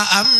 am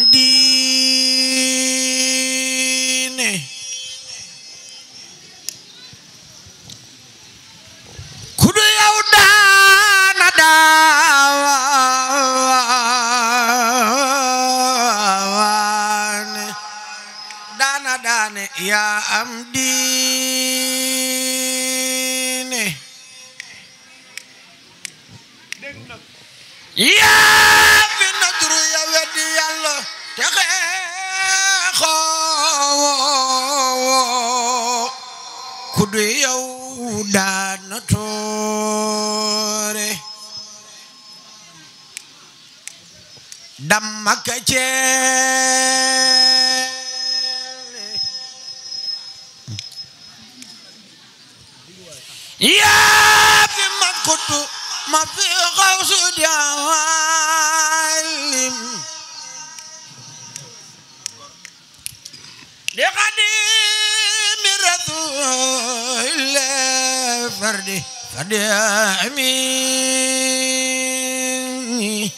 dammaka ceele yaa bi ma kutu ma fi xawsu diwaalim li xadimi rasuule fardi fardi amin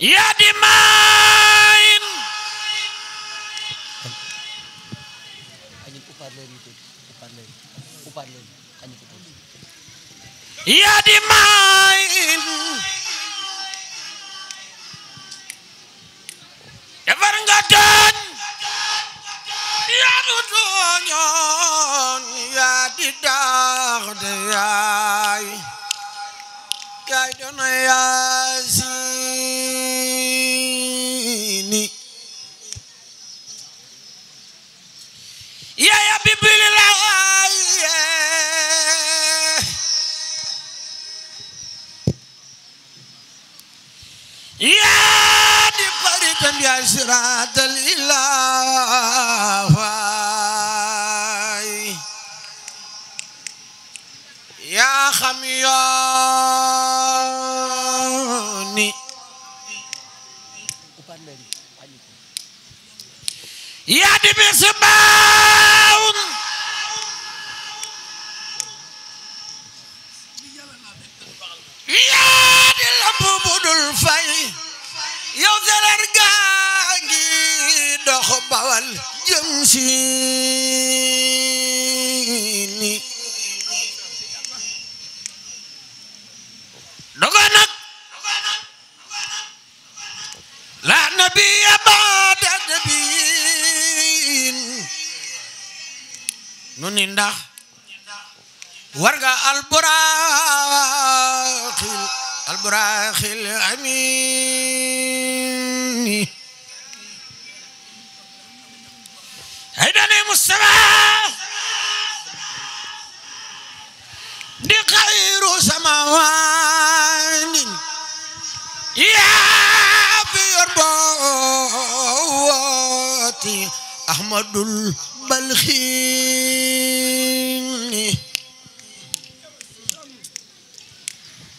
يا دماء يا دماء يفرنغتن يا رجونيون يا دي dox la nabiya baada nabiin nu warga alburaaxil alburaaxil amiin المصطفى دي خير سماوان يا بيربوتي أحمد البلخيني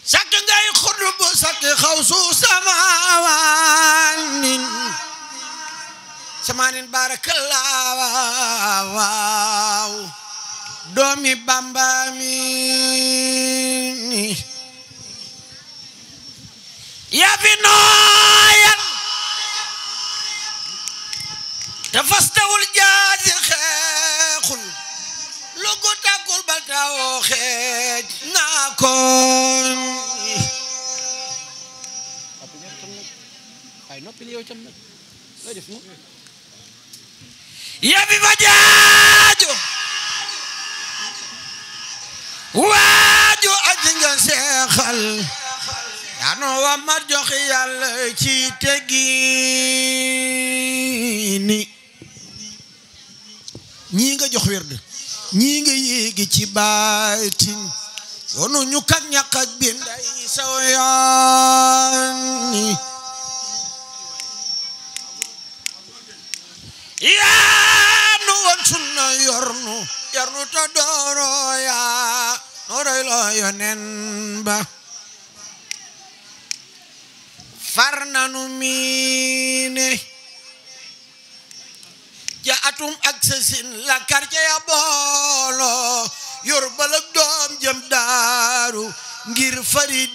سكن جاي خرب سكن خوصو سماوان samanin barakallah doomi Bamba mi ya fi nooyan te fastawul jaaji xeexul logo tàggul bal taawoo xeej naa koon ay noppil yow tam nag yafi fa jaajo waajo aji nga seexal yaa noo wa jox yàlla ci teggini ñii nga jox werd ñii nga ci baatin sonu ñu kak ñàkk ak bi nday saw yoon yornu yornu ta atum ak sesin la quartier ya boolo yor balak doom jëm daaru ngir fari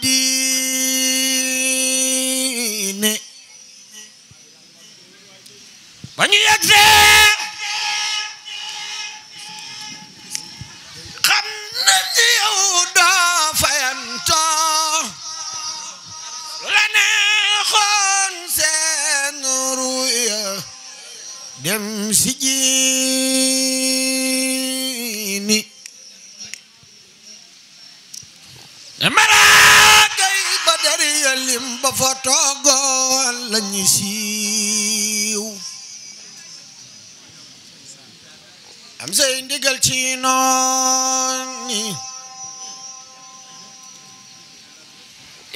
dem si jiini e malaakay ba dari yalim ba fa toogoon am say ci nooni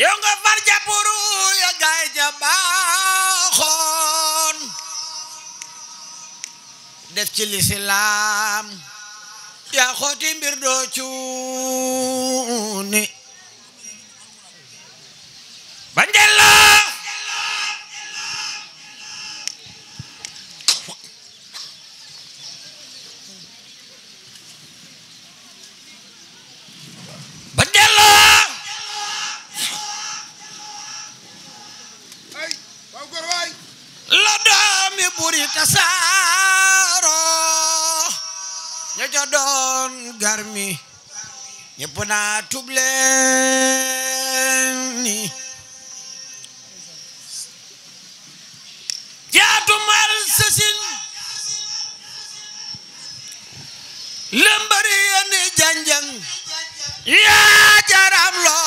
yow far ja puru ya ja baa def ci lislaam yaa xooti mbir doo cuuni banjala ñëpp naa tuub leen ni jaatu mal sasin lëmbari yene janjang yaa jaram lo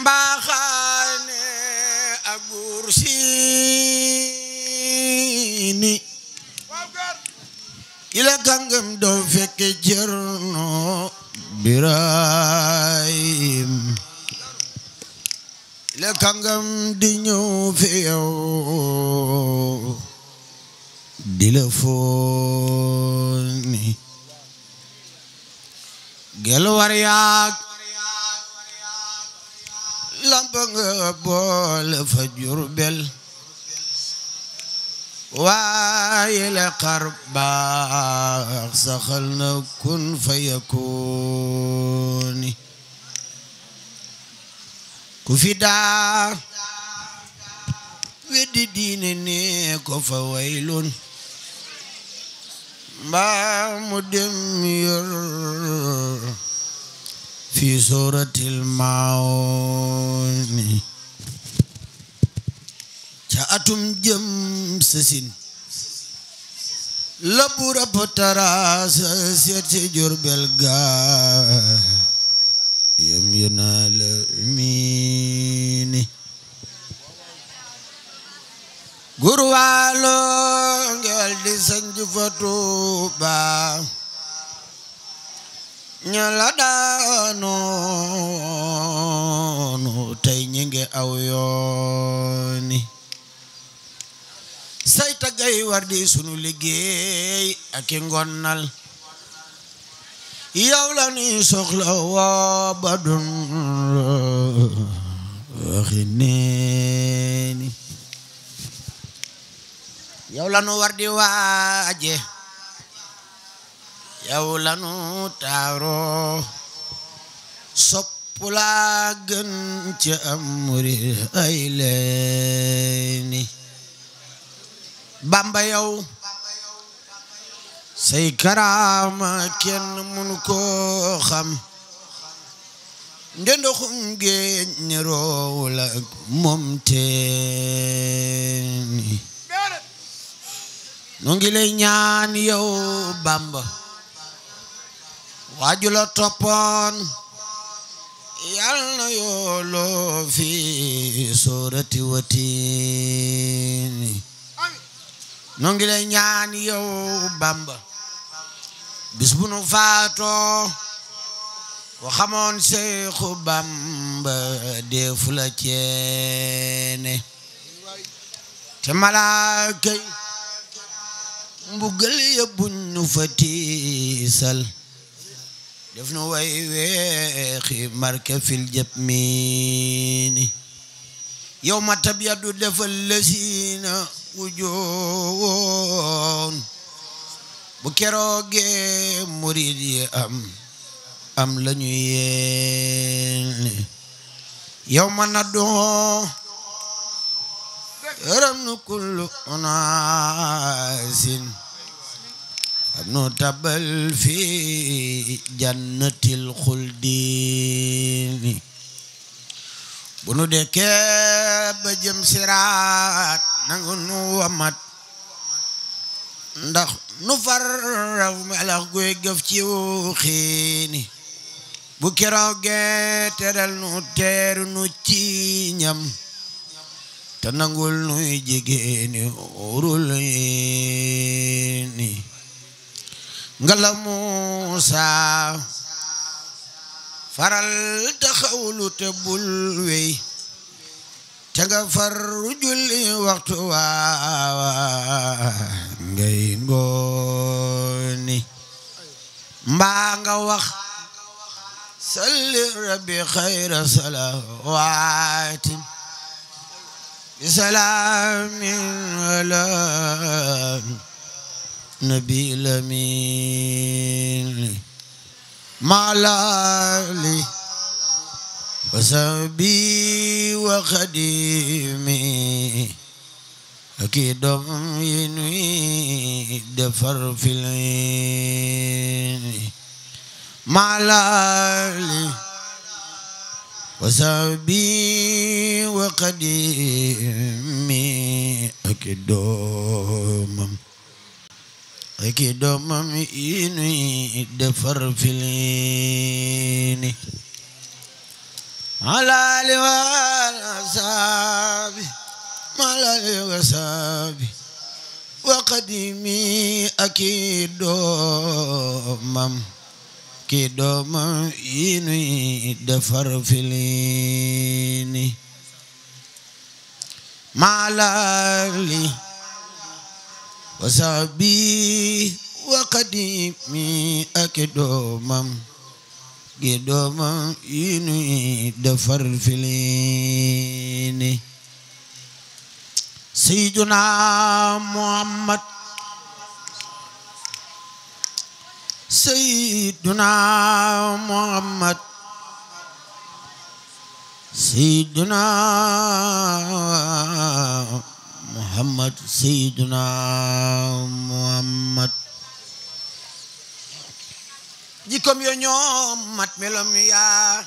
mbaxaane ak buur siini ila kàngam doo jërno Birahim la kàngam di ñëw fi yow di la fooni gel war yaag lampa nga boole fa Jurbel waaye la xar saxal na kun fa yakooni ku fi daa weddi diine ne ko fa waylun mbaa mu dem yor fi suratil maawni ca atum jëm sësin la buur ab taraas seet si Jurbel ga yam yonaa la miini gurwaalo di sanj fa Tuuba ña daanoonu tey ñi aw yooni say taggay war di sunu liggéey ak i ngonnal yow la nuy soxla woo ba dun waxi waaje yow taaro sopp laa gën ci amuri bamba yow say karaama kenn mënu ko xam ndendoxum géej ne roowul ak teeni nu ñaan yow bamba wajula la toppoon yàlla na yooloo fi soorati watin noo ngi lay ñaan yow Bamba bis bu nu faatoo ko xamoon Seexu Bamba deefu ceene te malaaka yi mbugal ya buñ nu fa tiisal def nu weexi marke fil jëpp miini yow تبيض الذين وجوههم bu keroogee murid yi am am la ñu yéene yow ma na doon yaram nu kullu unaasin am nu tabal fi jannatil xuldini bu nu dekkee ba jëm siraat nangu nu wamat ndax nu far melax guy gëf ci xiini bu keroogee teral nu teeru nu ci ñam te nangul nuy jigéeni urul ni ngala Muusaa faral taxawlu te bul wey te nga far waxtu waawa ngay ngooni mbaa nga salli rabbi xayra salawaatin bi salaamin ala nabi maalali wasabi wa xadimi ak i doom yi nuy defar filini maalali wasabi wa ki doomam yi nuy defar filiini malaali wasaabi wa qadimi doomam ki doomam malaali wa sahbi wa qadimi ak doomam gi doomam yi nuy defar filini sayyiduna muhammad sayyiduna muhammad sayyiduna muhammad sayyiduna muhammad jikkoom yo ñoom mat melom yaa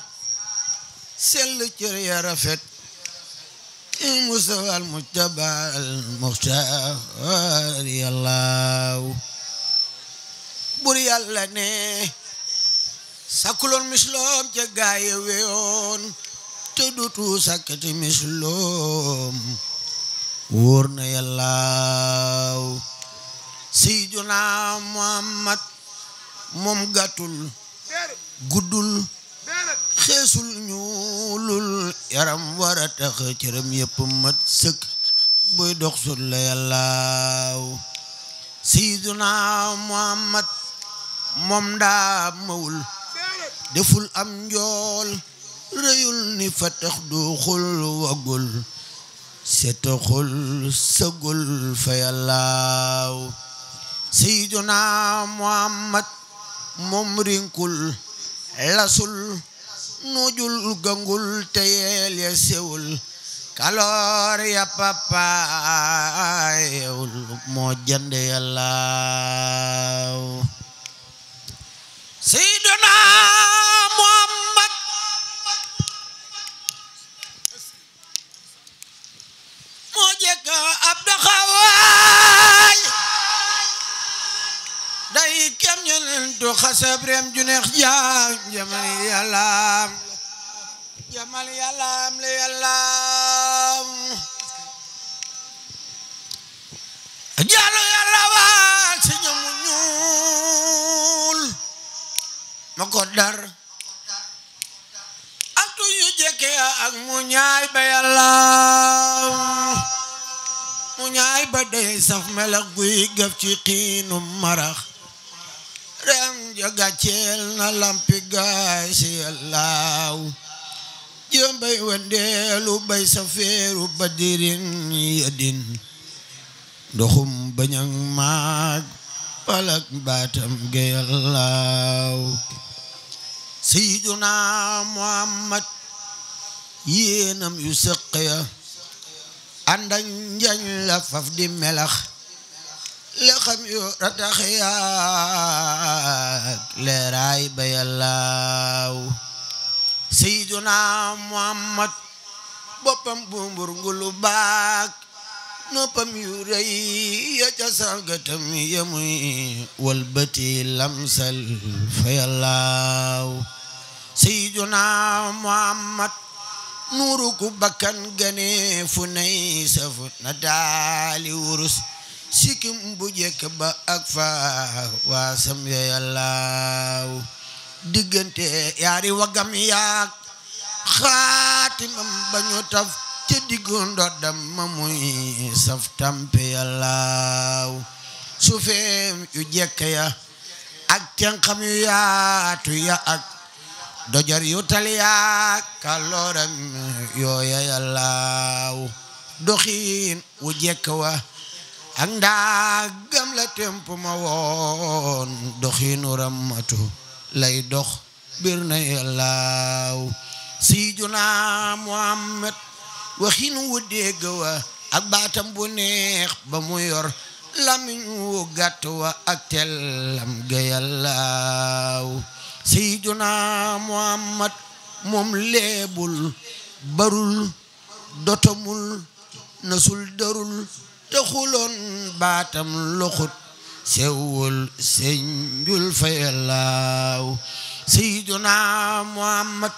sell cër ya rafet mustafa al mujtaba al muxtaar yallaaw bur yàlla ne sakkuloon misloom ca gaaye weyoon te dutu sakkati misloom wóor na yàllaaw sayyiduna muhammad moom gatul guddul xeesul ñuulul yaram war a tax cëram yépp mat sëkk buy dox sut la yàllaaw sayyiduna muhammad moom daa deful am njool rëyul ni fatax duxul wagul setoxul sëgul fa yàllaaw sayyiduna muhammad moom lasul nujul gangul teyeel ya sewul kaloor ya papaayewul moo jënd yàlla يا جمال يا لام جمال يا لام يا لام جالو يا لام سينو نول مقدر انتو يجيك ak mu ñaay ba yàlla mu ñaay ba day saf melax guy gaf ci xiinu marax jaga ceel na lampi gaay si yallaaw jëmbay wendeelu bay safeeru badirin yadin ndoxum bañang maag palak baatam ga yallaaw sayyiduna muhammad yéenam yu sëq ya àndañ njañ di melax li xam yu ratax yaak leeraay ba yàllaaw muhammad boppam bumbur ngulu baak noppam yu rëy ya ca sargatam walbati lamsal fa yàllaaw sayyiduna muhammad nuuru bakkan gane fu nay safu na wurus sikim bu jekk ba ak faax waasam yeyallaaw diggante yaari wagam yaak xaatimam ba ñu taf ca diggu ndoddam ma saf tampe yallaaw sufeem yu jekk ya ak tenxam yu yaatu ya ak dojar yu tal yaak kalooram yooya yallaaw doxiin wu jekk wa ak ndaagam la temp ma woon doxiinu ramatu lay dox bir na yàllaaw siiduna muhammad waxiin wu dégg wa ak baatam bu neex ba mu yor lamiñ wu gàtt wa ak tellam ga yàllaaw siiduna muhammad moom leebul barul dotomul nasul darul tëxuloon baatam loxut sewul sëñ njul fayalaaw sayyiduna muhammad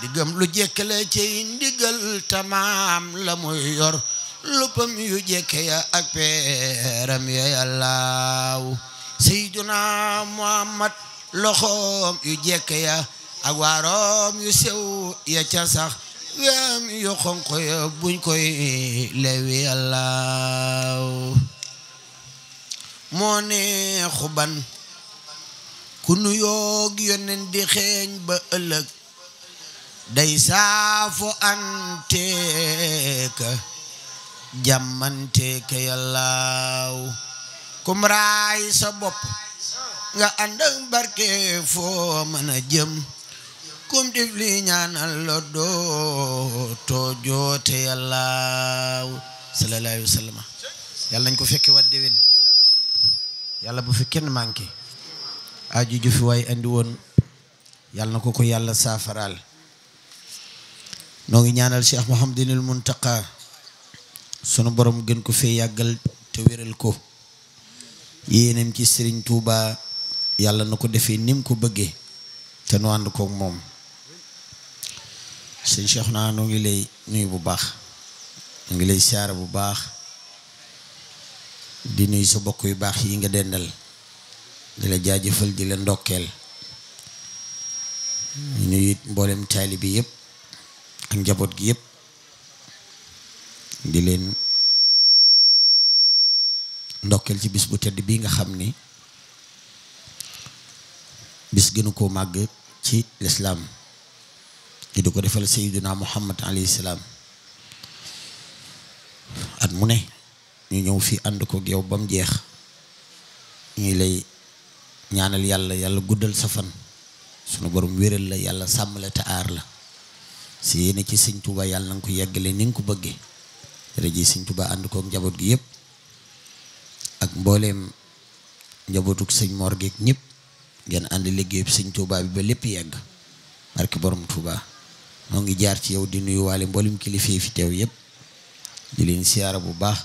digam lu jekkale cey tamaam la muy yor luppam yu jekke ya ak peeram ya yallaaw sayyiduna muhammad loxoom yu jekke ya ak waaroom yu sew ya ca yaam koy lewi yàllaaw moo ne xuban ku nu yoog yonen di xeeñ ba ëllëg day saafo anteeka jàmmanteeka yàllaaw kum raay sa bopp nga ànd ak barke mën a jëm kum ɗifli ñaanal lo dooto joote yàllaaw sallallahu alayhi wa sallam yàlla nañ ko fekke wadde yàlla bu fi kenn manqué aju ju fi waay andi yàlla na ko ko yàlla saafaraal noo ngi ñaanal cheikh mouhamadinil muntaqa sunu borom gën ko fee yàggal te wéral ko yéenem ci sëriñ tuuba yàlla na ko defee nim ko bëggee te nu ànd koog moom sëñ Cheikh naa noo ngi lay nuyu bu baax noo ngi lay siyaare bu baax di nuyu sa bokk yu baax yi nga dendal di la jaajëfal di la ndokkeel ñu nuyu it mboolem taalibi yëpp ak njaboot gi yëpp di leen ndokkeel ci bis bu tedd bii nga xam ni bis gënu koo màgg ci lislaam te di ko defal sayyidina muhammad alayhi salaam at mu ne ñu ñëw fii ànd ko yow ba jeex ñu lay ñaanal yàlla yàlla guddal sa fan sunu boroom wéral la yàlla sàmm la te aar la si yéene ci sëñ Tuuba yàlla na nga ko yeggale ni nga ko bëggee dara ji sëñ Tuuba ànd kook njaboot gi yépp ak mbooleem njabootuk sëñ Mor geeg ñëpp ngeen ànd liggéeyub sëñ Tuuba bi ba lépp yegg barke borom Tuuba moo ngi jaar ci yow di nuyu waale mboolem kilifa fi teew yépp di leen siyaara bu baax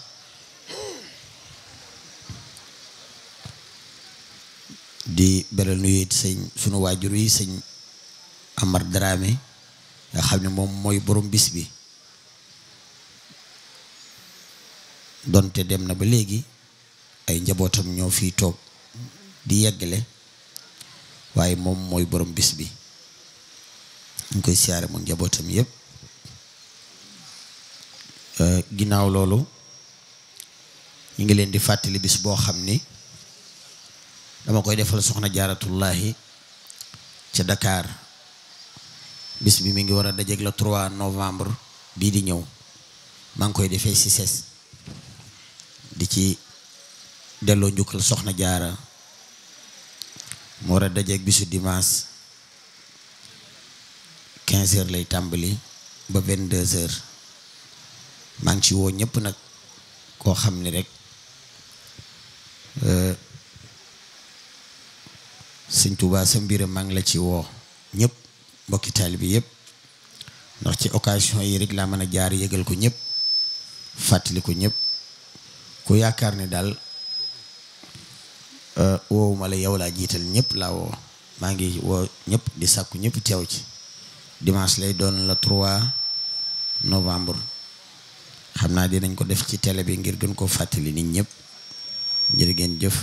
di beral nuyu it sunu waajur yi sëñ Amar Dramé nga xam ne moom mooy borom bis bi donte dem na ba léegi ay njabootam ñoo fi toog di yeggale waaye moom mooy borom bis bi ñu ngi koy siyaare moom njabootam yëpp euh, ginnaaw loolu ñu ngi leen di fàttali bis boo xam ni dama koy defal soxna jaaratullahi ca dakaar bis bi mi ngi war a dajeeg le novembre bii di ñëw maa ngi koy defee si ses di ci delloo njukkal soxna jaara mu war a dajeeg bisu dimanche quinze lay tàmbali ba vingt deux heures maa ngi ci woo ñëpp nag koo xam ni rek euh, sëñ Tuubaa sa mbir maa ngi la ci woo ñëpp mbokki taalibe bi yëpp ndax ci occasion yi rek laa mën a jaar yëgal ko ñëpp fàttali ko ñëpp ku yaakaar ne daal euh, woowuma la yow laa jiital ñëpp laa woo maa ngi woo ñëpp di sàkku ñëpp teew ci dimanche lay doon la 3 novembre xam naa dinañ ko def ci télé bi ngir gën ko fàttali nit ñëpp jërë ngeen jëf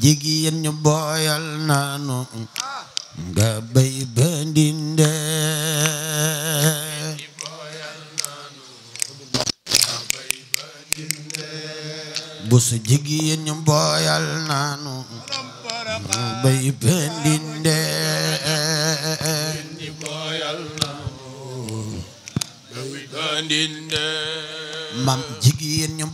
jigéen ñu booyal naanu nga bay ba ndindee bu su jigéen ñu booyal naanu bay pendinde mam jigéen ñu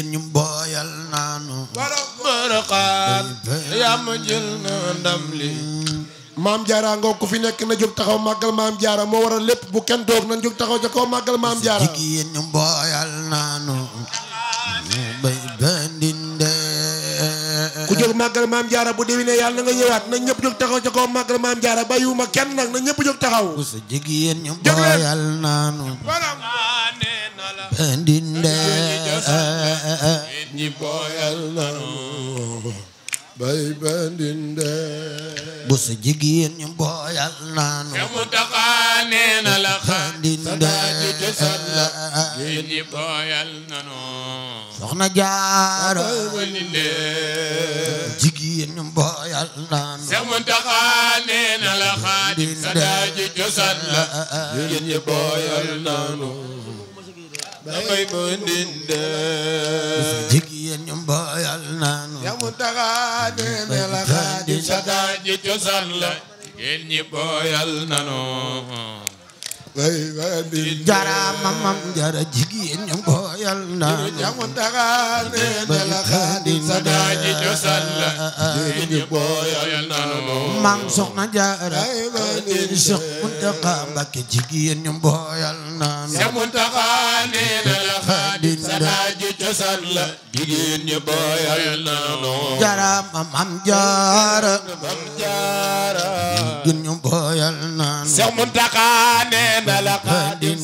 ñu booyal naanu Furqaan yam jël na ndam li maam jaara ngoo ku fi nekk na jóg taxaw màggal maam jaara moo waral lépp bu kenn toog na jóg taxaw ca kaw màggal maam jaara jigéen ñu booyal naanu bay bandinde ku jóg màggal maam jaara bu déwénee yàlla na nga ñëwaat na ñëpp jóg taxaw ca kaw màggal maam jaara bàyyiwuma kenn nag na ñëpp jóg taxaw sa jigéen ñu booyal naanu bandinde ñi booyal naanu bay bandinde bu sa jigéen ñu booyal naanu ya mu taxaa nee na la xandinde ñu booyal naanu soxna jaara bandinde jigéen ñu booyal naanu ya mu taxaa nee na la xandinde ñu booyal naanu dafay mu dinde jigéen ñu mboyal naanu ya mu taxa la xaadi sa daaji cosaan la jigéen ñi boyal naanu jara mamam jara jigéen ñam booyal naa ñamon daga ne la xadim sadaaji jo salla jigéen booyal naa mam soxna jara ni cheikh muntaka mbake jigéen ñam booyal naa ñamon daga ne la xadim sadaaji jo salla jigéen ñi booyal naa jara mamam jara mam jara jigéen ñam booyal naa cheikh muntaka ne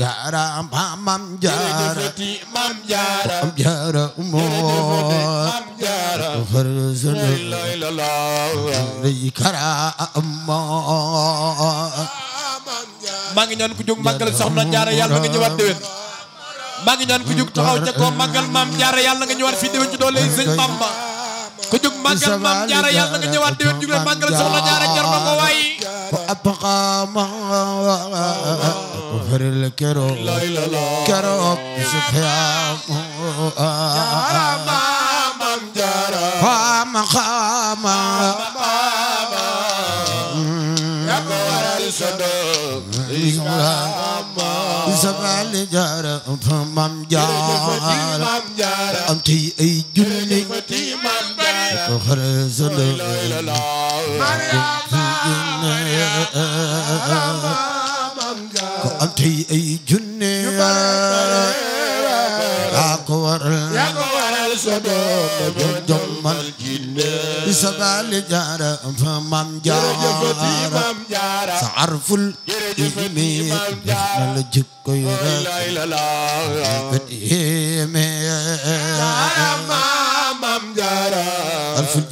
jaara maam jaara maam jaara maam jaara maam jaara maa ngi ñaan nga ñëwaat déwén maa ngi ñaan ku jóg taxaw ca koo màggal maam jaara yàlla nga ñëwaat fii déwén ci doole sëñ jaara yàlla nga ñëwaat déwén jóg màggal mu feril keroog keroog Yusuf yaa maamam jaara faama xaama yaa ko waral sa doom ismaali jaara maam jaara am tey ay junni ko xaral sa doom am tey ay junne yaa ko waral sodom jom jom man jinne isa bali jaara fa mam jaara sa arful ilimi na la jikko yu rafet yeme jaara mam jaara arful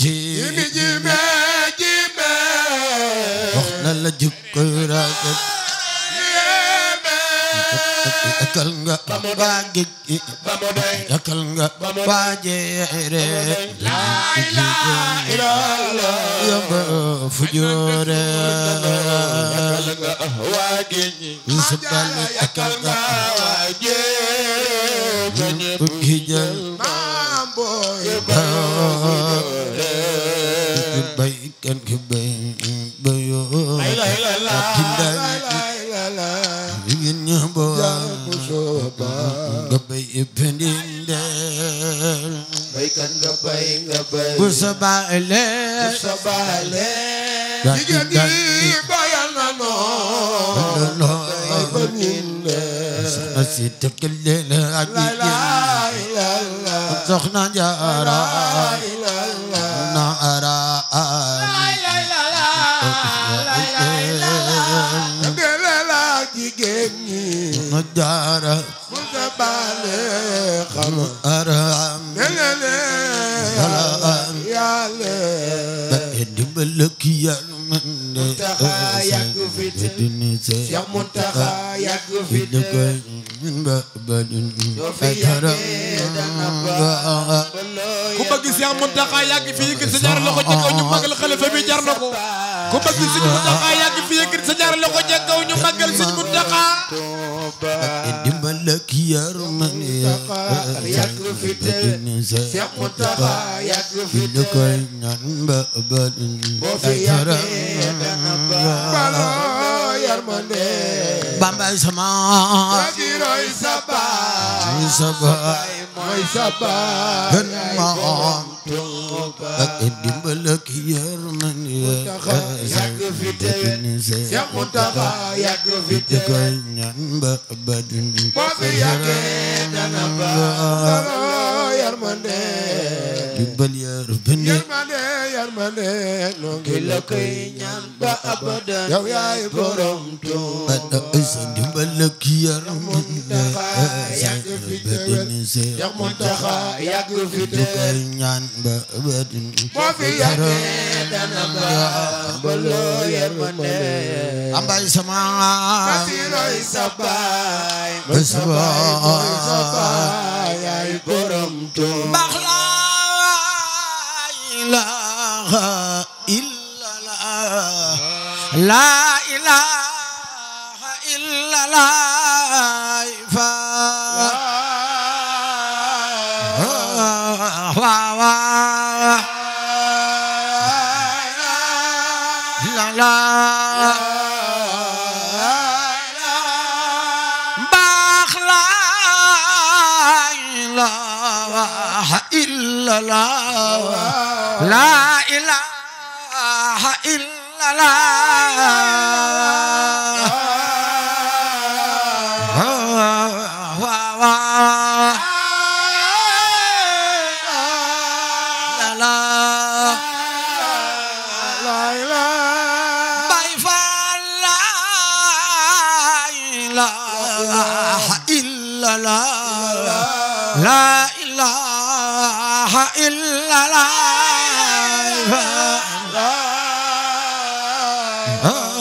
ba gig yakal nga ba jeere la ilaha illallah yamba fujure yakal nga wa gig sabal yakal nga wa jeere hijal mambo baikan ke bayo la ilaha illallah la ilaha illallah jibbinindeel baykat nga bay nga bay bu sabaale bu sabaale jigéen ñi bayal na noon bay ba nindeel soxna si tëkkal leen ak jigéen soxna jaara dëkk yàlla man de. Muntaxa yàgg fi te Cheikh Muntaxa yàgg fi te. ku bëgg Cheikh Muntaxa yàgg fi yëkkati sa ñaari loxo ca kaw ñu màggal xalifa bi jar na ko. ku bëgg Sëñ Muntaxa yàgg fi yëkkati sa ñaari loxo ca kaw ñu màggal Sëñ Muntaxa. لك يرمني يكرفت سيقطها يكرفت لك ينبأ بل وفي يمين بلد yërmande bambay sama kagiroy saba saba mooy saba gën ma am tuuba ak dimbal ak yërmande yàgg fi te Seex Muntaxa yàgg fi te koy ñaan ba badin boo fi yàggee dana ba yërmande bind yërmande yërmande noo ngi la koy ba abadan yow yaay borom Tuuba da isa ndimbal ak yërmande yàgg fi teewel Cheikh Mountakha yàgg إله إلا الله لا إله إلا الله لا لا إلا الله لا إله إلا الله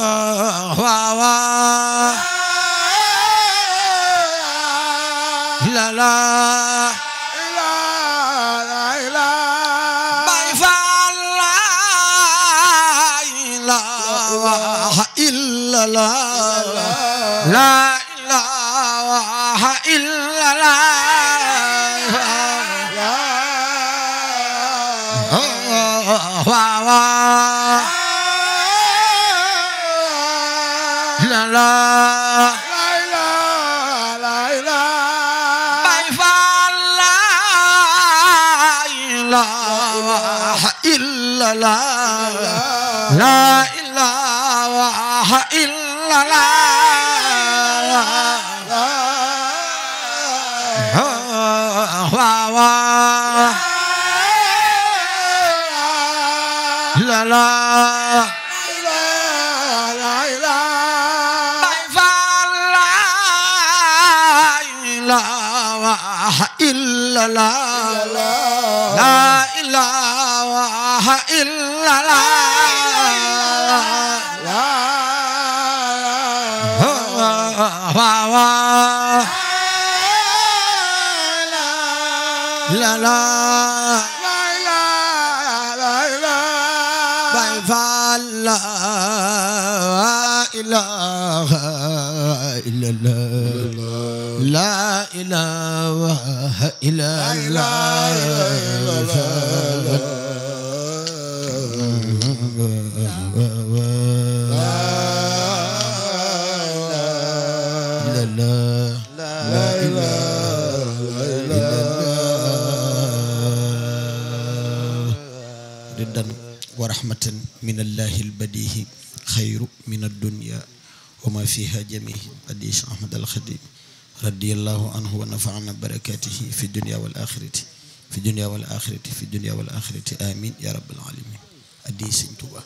waaw waaw la la la la Baay Faal la ilaha illallah la لا إله إلا الله لا لا إلا لا لا إله إلا الله لا إله إلا الله rahmatan min allahi albadihi xayru min addunia wa ma fiha jamih adi cheikh ahmad alxadim radiallahu anhu wa nafaana barakatihi fi dunia wal axirati fi dunia wal axirati fi dunia wal axirati amin ya rabbal alamin addi sëñ Tuubaa